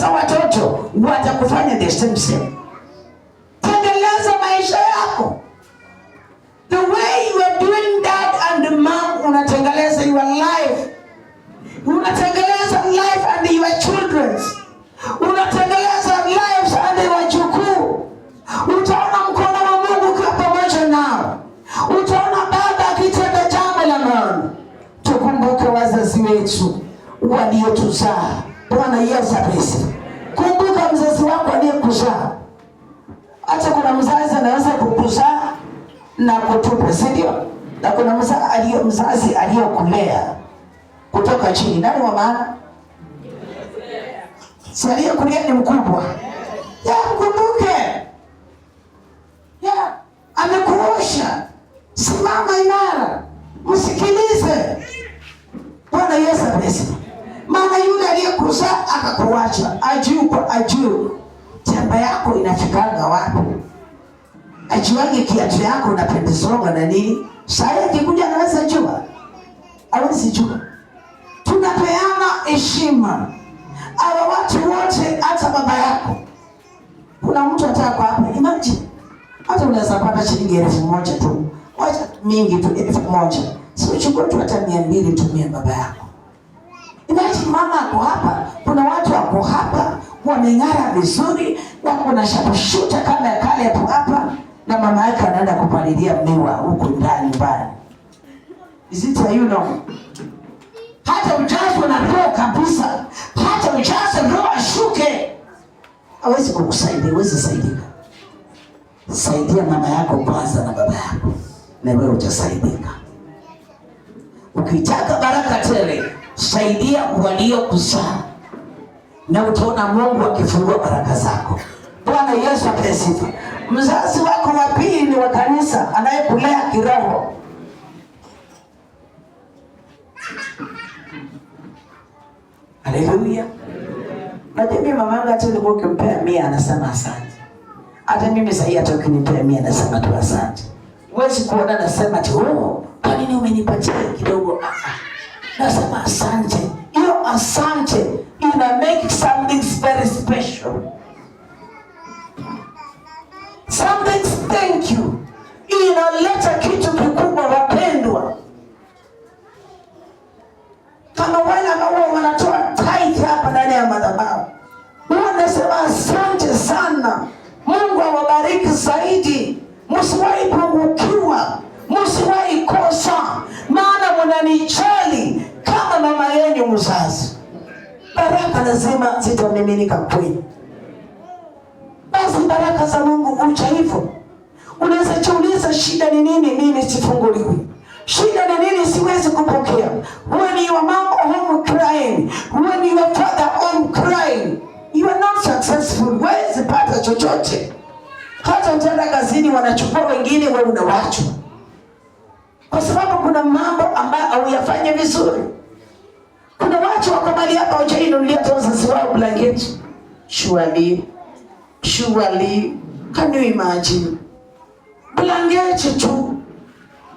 sasa watoto watakufanya the same same. Tendeleza maisha yako the way you are doing that and mom, unatengeleza your life, unatengeleza life and your children, unatengeleza lives and your wajukuu. Utaona mkono wa Mungu ukiwa pamoja nao, utaona Baba akitenda jambo la maana. Tukumbuke wazazi wetu waliotuzaa. Bwana Yesu asifiwe. kuzaa na kutupa, si ndio? Na kuna mza, aliyo mzazi aliyokulea kutoka chini. Nani wa maana? Si aliyokulea ni mkubwa, ya mkumbuke, ya amekuosha. Simama imara, msikilize. Bwana Yesu amesema, maana yule aliyekuzaa akakuacha ajuu kwa ajuu, tamba yako inafikanga wapi? ajiwange kiatu yako unapendezwa na nini? Sasa akikuja anaweza jua, hawezi jua. Tunapeana heshima hawa watu wote, hata baba yako. Kuna mtu ataka hapa, imagine hata unaweza pata shilingi elfu moja tu, wacha mingi tu, elfu moja sio chukua tu, hata mia mbili tumia baba yako. Imagine mama ako hapa, kuna watu wako hapa wameng'ara vizuri, wako na shaposhuta kama ya kale hapo hapa na mama yake anaenda kupalilia miwa huko ndani mbali. Is it you know? Hata ujazwe na roho kabisa, hata ujaze roho ashuke, hawezi kukusaidia, hawezi saidika. Saidia mama yako kwanza na baba yako, na wewe utasaidika. Ukitaka baraka tele, saidia waliokuzaa na utaona Mungu akifungua baraka zako. Bwana Yesu asifiwe. Mzazi wako wa pili ni wa kanisa anayekulea kiroho. Haleluya. Najua mamaanga mama ukimpea mia anasema asante. Hata mimi sasa hata ukinipea mia anasema tu asante. Huwezi kuona anasema tu, "Oh, kwa nini umenipatia kidogo?" Ah, ah, nasema asante. Hiyo asante ina make something very special something thank you inaleta kitu kikubwa, wapendwa. Kama wale ambao wanatoa tithe hapa ndani ya madhabahu, wanasema asante sana, Mungu awabariki zaidi. Msiwahi pungukiwa, msiwahi kosa, maana mnanijali kama mama yenu mzazi. Baraka lazima zitamiminika kwenu baraka za Mungu kucha hivyo. Unaweza chauliza shida ni nini? Mimi sifunguliwi, shida ni nini? Siwezi kupokea. When your mom home crying, when your father home crying, you are not successful. Huwezi pata chochote, hata utaenda kazini wanachukua wengine, wewe unawachwa, kwa sababu kuna mambo ambayo hauyafanya vizuri. Kuna watu wako mali hapa hujainulia hata blanketi shuali surely, can you imagine bulangeci tu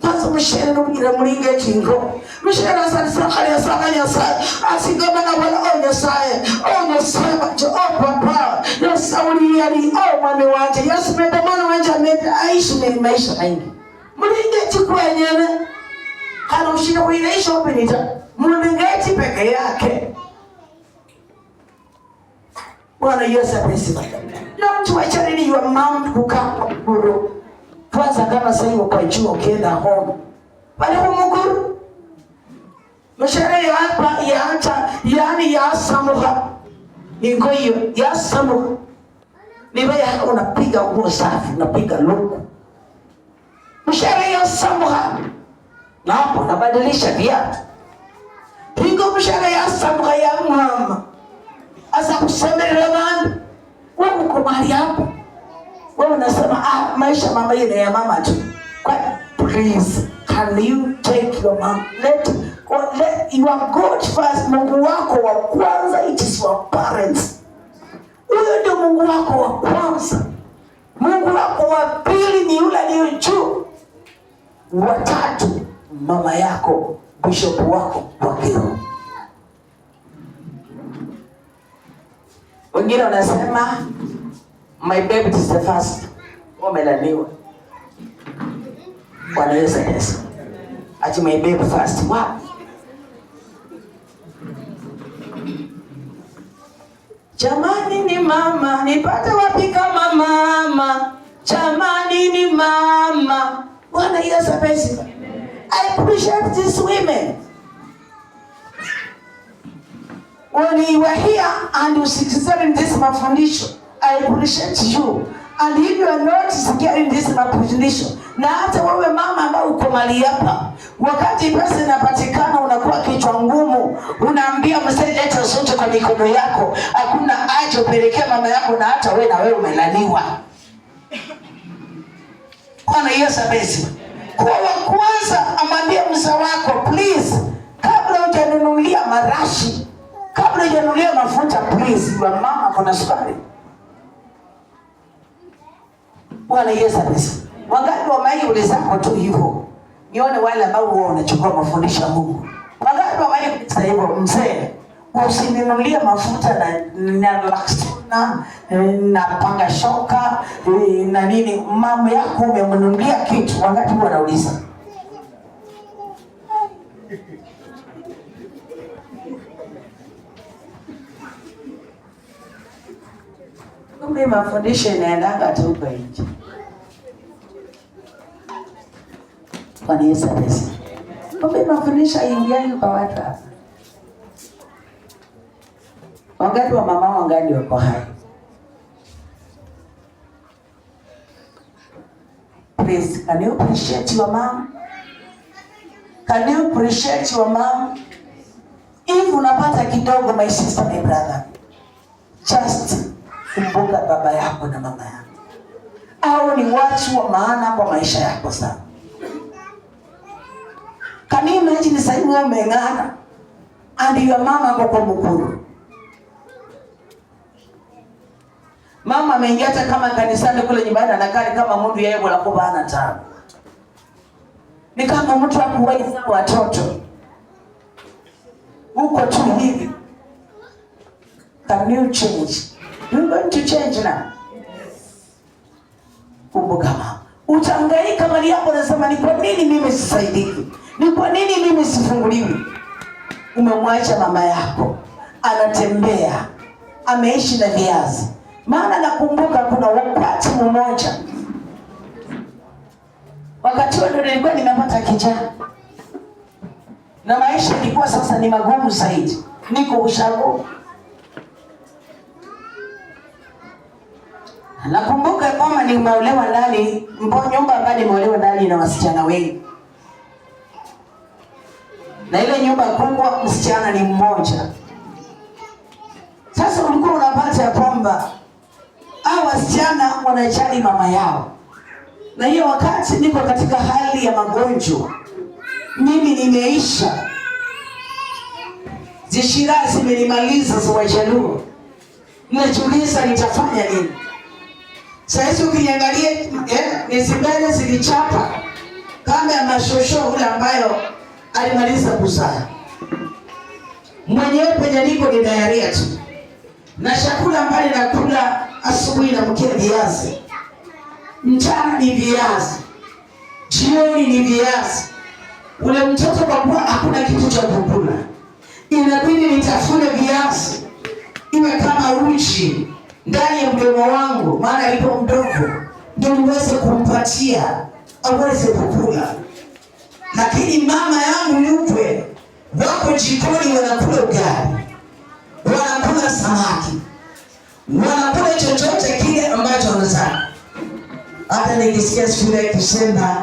kwanza mushere nubwira muri ngeci ngo mushere asarisakari yasanga nyasaye asigama na bwana o oh, nyasaye o oh, nyasaye wanje o oh, papa nyasaye uri yari o mwami wanje yesu mede mwana wanje amede aishi meni maisha mengi muri ngeci kwenyene kana ushinde kuinaishi opinita muri ngeci peke yake Bwana Yesu amesema. Na mtu wa chini your mount kukaa kwa mguru. Kwanza kama sasa hiyo kwa chuo kenda home. Bali wa mguru. Mshahara ya hapa yaacha, yani ya yaani samuha. Ni ngoyo ya samuha. Ni wewe unapiga nguo safi, unapiga luku. Mshere ya samuha. Na hapo nabadilisha viatu. Pigo mshere ya samuha ya mama kusamehe dhambi. Wewe uko mahali hapo, wewe unasema ah, maisha mama ile ya mama tu. Kwa please can you take your mom let or let your God first. Mungu wako wa kwanza, it is your parents. Huyo ndio Mungu wako wa kwanza. Mungu wako wa pili ni yule aliye juu, watatu mama yako, bishop wako wa kiroho Wengine wanasema my baby is the first. Wamelaniwa. Bwana Yesu Yesu. Ati my baby first. wa Jamani ni mama, nipate wapi kama mama? Jamani ni mama. Bwana Yesu apesi I appreciate these women. When you were here and you citizen this mafundisho, I appreciate you. And if you are not securing this mafundisho, na hata wewe mama ambaye uko mali hapa, wakati pesa inapatikana unakuwa kichwa ngumu, unaambia mzee, leta zote kwa mikono yako, hakuna aje upelekea mama yako, na hata wewe na wewe umelaniwa. Bwana Yesu abesi. Kwa wa kwanza amwambie mzee wako, please, kabla hujanunulia marashi kabla ijanulia mafuta please, wa mama kuna sukari. Bwana Yesu asifiwe. Wangapi wamaiuli zako tu hivyo, nione wale ambao wao wanachukua mafundisho ya Mungu. Wangapi wamaiulisa hivyo, mzee usininulie mafuta na na laksuna na panga shoka na nini, mama yako umemnunulia kitu. Wangapi wanauliza Kumbe mafundisho inaendanga tu kwa nje. Bwana Yesu asifiwe. Kumbe mafundisho aingiangi kwa watu hapa. Wangapi wa mama wangapi wako hai? Please, can you appreciate your mom? Can you appreciate your mom? If unapata kidogo, my sister, my brother, just kumbuka baba yako na mama yako, au ni watu wa maana kwa maisha yako sana. Can you imagine sasa wewe umeng'ara and your mama kwa mkuru. Mama ameingia hata kama kanisani kule nyumbani anakaa kama mtu yeye bora kwa bana tano. Ni kama mtu akuwai zao watoto. Uko tu hivi. Can you change? You're going to change now. Kumbuka mama, utangaika mali yako, nasema ni kwa nini mimi sisaidiki? Ni kwa nini mimi sifunguliwi? Umemwacha mama yako anatembea ameishi na viazi. Maana nakumbuka kuna wakati mmoja, wakati huo nilikuwa nimepata kijana na maisha ilikuwa sasa ni magumu zaidi, niko ushago Nakumbuka kwamba nimeolewa ndani mbo nyumba ambayo nimeolewa ndani na wasichana wengi, na ile nyumba kubwa msichana ni mmoja. Sasa ulikuwa unapata kwamba hao wasichana wanajali mama yao, na hiyo wakati niko katika hali ya magonjwa, mimi nimeisha zishirazi, zimenimaliza za Wajaluo, nitafanya nini? Saizi ukiniangalie eh, miezi eh, mbele zilichapa kama ya mashosho ule ambayo alimaliza kuzaa mwenyewe, Kwenye niko ni dayaria tu na chakula mbali na kula asubuhi na mkia viazi, mchana ni viazi, jioni ni viazi. Ule mtoto kwa kuwa hakuna kitu cha kukula, inabidi nitafune viazi iwe kama uji ndani ya mdomo wangu, maana alipo mdogo ndio niweze kumpatia aweze kukula. Lakini mama yangu yupwe wako jikoni, wanakula ugali, wanakula samaki, wanakula chochote kile ambacho wanataka. Hata nikisikia shule kusema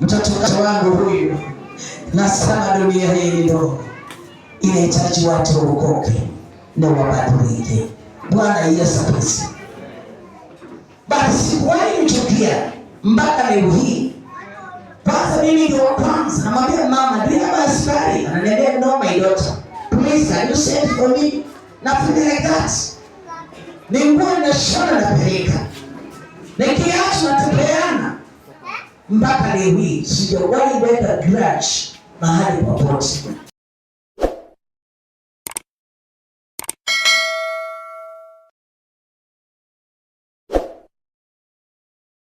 mtoto wangu huyu, nasema dunia hii ndio inahitaji watu waokoke na wabadilike. Bwana Yesu Kristo. Basi sikuwahi mchukia mpaka leo hii. Kwanza mimi ndio wa kwanza namwambia mama, ndio mama have Ananiambia no my daughter. Please are you safe for me? Na feel like that. Ni nguo na shona na peleka. Nikiacha tupeana mpaka leo hii sijawahi weka grudge mahali popote.